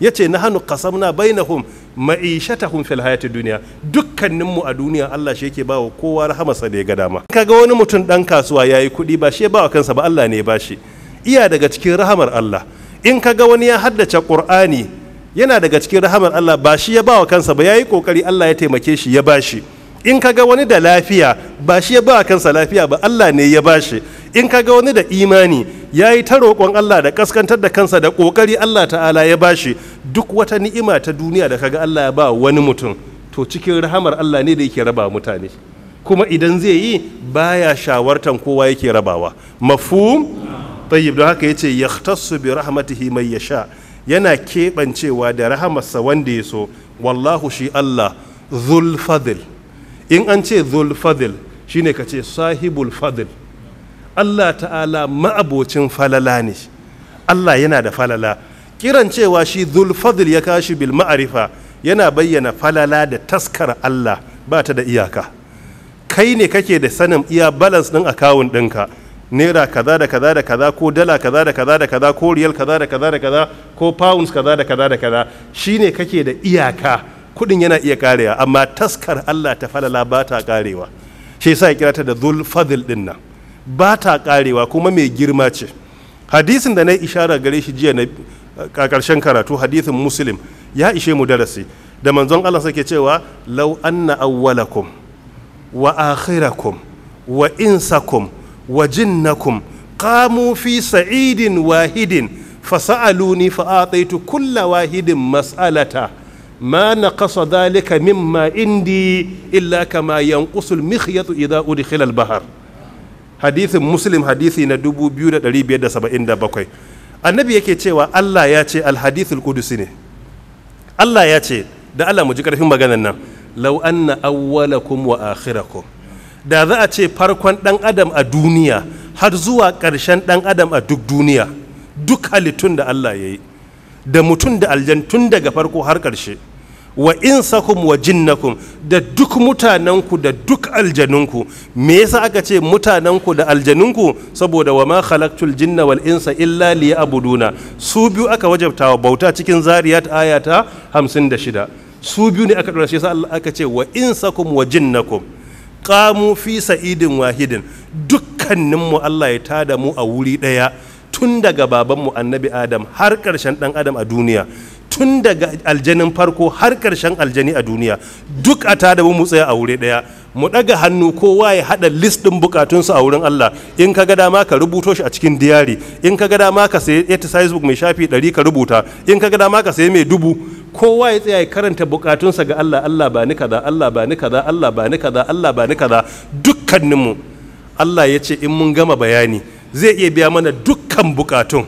ya ce na hannu kasamna bainahum ma'ishata fil hayati duniya dukkaninmu a duniya Allah shi yake ba wa kowa rahamarsa da ya ga dama ka ga wani mutum dan kasuwa ya yi kuɗi ba shi ba wa kansa ba Allah ne ba shi iya daga cikin rahamar Allah in ka ga wani ya haddace ƙur'ani yana daga cikin rahamar Allah ba shi ya ba wa kansa ba ya yi ƙoƙari Allah ya taimake shi ya ba shi in kaga wani da lafiya ba shi ya ba kansa lafiya ba Allah ne ya bashi in kaga wani da imani ya yi ta roƙon Allah da kaskantar da kansa da ƙoƙari Allah ta'ala ya bashi duk wata ni'ima ta duniya da ka ga Allah ya ba wani mutum to cikin rahamar Allah ne da yake raba mutane kuma idan zai yi baya shawartan kowa yake rabawa mafhum tayyib don haka yace yahtassu bi rahmatihi man yasha yana keɓancewa da rahamarsa wanda ya so wallahu shi Allah zul fadl in an ce zul fadil ne ka ce sahibul fadil Allah ta'ala ma'abocin falala ne Allah yana da falala kiran cewa shi zul fadil ya kashi bil ma'arifa yana bayyana falala da taskar Allah ba ta da iyaka kai ne kake da sanin iya balance din akawun ɗinka naira kaza da kaza da kaza ko dala kaza da kaza da kaza ko riyal kaza da kaza da kaza ko pounds kaza da kaza da kaza shine kake da iyaka kudin yana iya karewa amma taskar Allah ta falala ba ta karewa shi yasa ya kirata da dhul fadl din nan ba ta karewa kuma mai girma ce hadisin da na yi ishara gare shi jiya na karshen karatu hadisin muslim ya ishe mu darasi da manzon Allah sake cewa law anna awwalakum wa akhirakum wa insakum wa jinnakum qamu fi sa'idin wahidin fasa'aluni fa'ataitu kulla wahidin mas'alata ma naqasa dhalika mimma indi illa kama yanqusul mikhyatu idza udkhila al-bahr hadisin muslim hadisi na 2577 annabi yake cewa Allah ya ce alhadithul qudusi ne Allah ya ce da Allah mu ji karfin maganar nan law anna awwalakum wa akhirakum da za ce farkon dan adam a duniya har zuwa ƙarshen dan adam a duk duniya duk halittun da Allah ya yi da mutum da aljan tun daga farko har ƙarshe wa insakum wa jinnakum da duk mutanenku da duk aljanunku me yasa aka ce mutanenku da aljanunku saboda wa ma khalaqtul jinna wal insa illa liya'buduna su biyu aka wajabta wa bauta cikin zariyat ayata 56 su biyu ne aka dora shi Allah aka ce wa insakum wa jinnakum qamu fi sa'idin wahidin dukkaninmu Allah ya tada mu a wuri daya tun daga babanmu annabi adam har karshen dan adam a duniya tun daga aljanin farko har karshen aljani a duniya duk a tada mu tsaya a wuri ɗaya mu ɗaga hannu kowa ya haɗa list ɗin bukatunsu a wurin Allah in ka ga dama ka rubuto shi a cikin diyari in ka ga dama ka sayi exercise book mai shafi ɗari ka rubuta in ka ga dama ka sayi mai dubu kowa ya tsaya ya karanta bukatunsa ga Allah Allah ba ni kaza Allah ba ni kaza Allah ba ni kaza Allah ba ni kaza dukkaninmu Allah ya ce in mun gama bayani zai iya biya mana dukkan bukatun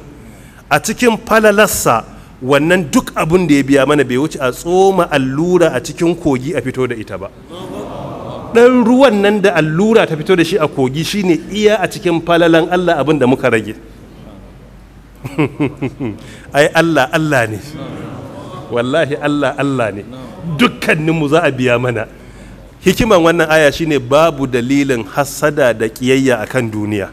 a cikin falalarsa wannan duk abin da ya biya mana bai wuce a tsoma allura a cikin kogi a fito da ita ba ɗan ruwan nan da allura ta fito da shi a kogi shine iya a cikin falalan Allah abin da muka rage ai Allah Allah ne wallahi Allah Allah ne dukkaninmu za a biya mana hikiman wannan aya shine babu dalilin hassada da kiyayya akan duniya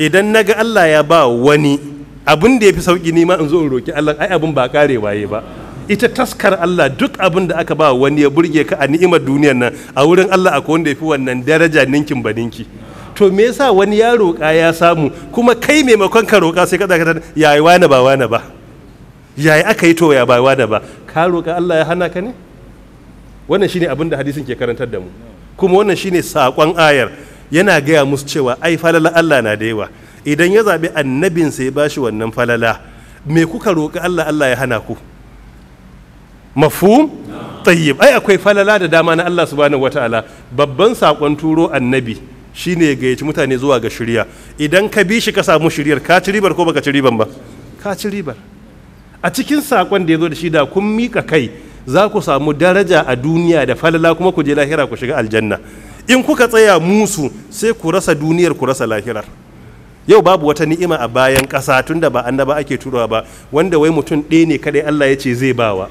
idan naga Allah ya ba wani abin da ya fi sauƙi nima in zo in roƙi Allah ai abin ba ƙare waye ba ita taskar Allah duk abin da aka ba wani ya burge ka a ni'imar duniyar nan a wurin Allah akwai wanda ya fi wannan daraja ninkin ba ninki to me yasa wani ya roƙa ya samu kuma kai maimakon ka roƙa sai ka tsaka yayi wani ba wani ba yayi aka yi to ya ba wani ba ka roƙa Allah ya hana ka ne wannan shine abin da hadisin ke karantar da mu kuma wannan shine saƙon ayar yana gaya musu cewa ai falala Allah na da yawa idan ya zaɓi annabinsa ya ba shi wannan falala me kuka roƙi Allah Allah ya hana ku Mafu? tsayyib ai akwai falala da dama na Allah subhanahu wataala babban saƙon turo annabi shine ya gayyaci mutane zuwa ga shirya idan ka bi shi ka samu shiryar ka ci ribar ko baka ci ribar ba ka ci ribar a cikin saƙon da ya zo da shi da kun miƙa kai za ku samu daraja a duniya da falala kuma ku je lahira ku shiga aljanna in kuka tsaya musu sai ku rasa duniyar ku rasa lahirar yau babu wata ni'ima a bayan ƙasa da ba annaba ake turawa ba wanda wai mutum ɗaya ne kadai Allah ya ce zai bawa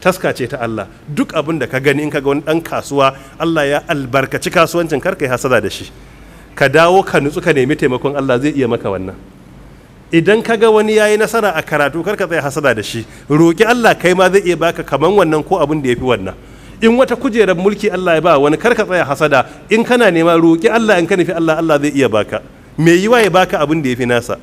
taska ce ta Allah duk abin da ka gani in ka ga wani ɗan kasuwa Allah ya albarkaci kasuwancin kar kai hasada da shi ka dawo ka nutsu ka nemi taimakon Allah zai iya maka wannan idan ka ga wani yayi nasara a karatu kar ka tsaya hasada da shi roki Allah kai ma zai iya baka kaman wannan ko abin da yafi wannan in wata kujerar mulki Allah ya ba wani kar ka tsaya hasada in kana nema roki Allah in ka nufi Allah Allah zai iya baka mai yiwa ya baka abin da ya fi nasa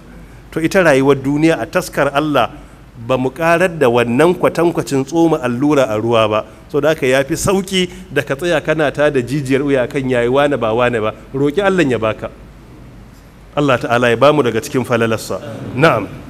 to ita rayuwar duniya a taskar Allah ba mu karar da wannan kwatankwacin tsoma allura a ruwa ba so da aka fi sauki da ka tsaya kana ta da jijiyar uya kan yayi wane ba wane ba roki Allah ya baka Allah ta'ala ya bamu daga cikin falalarsa na'am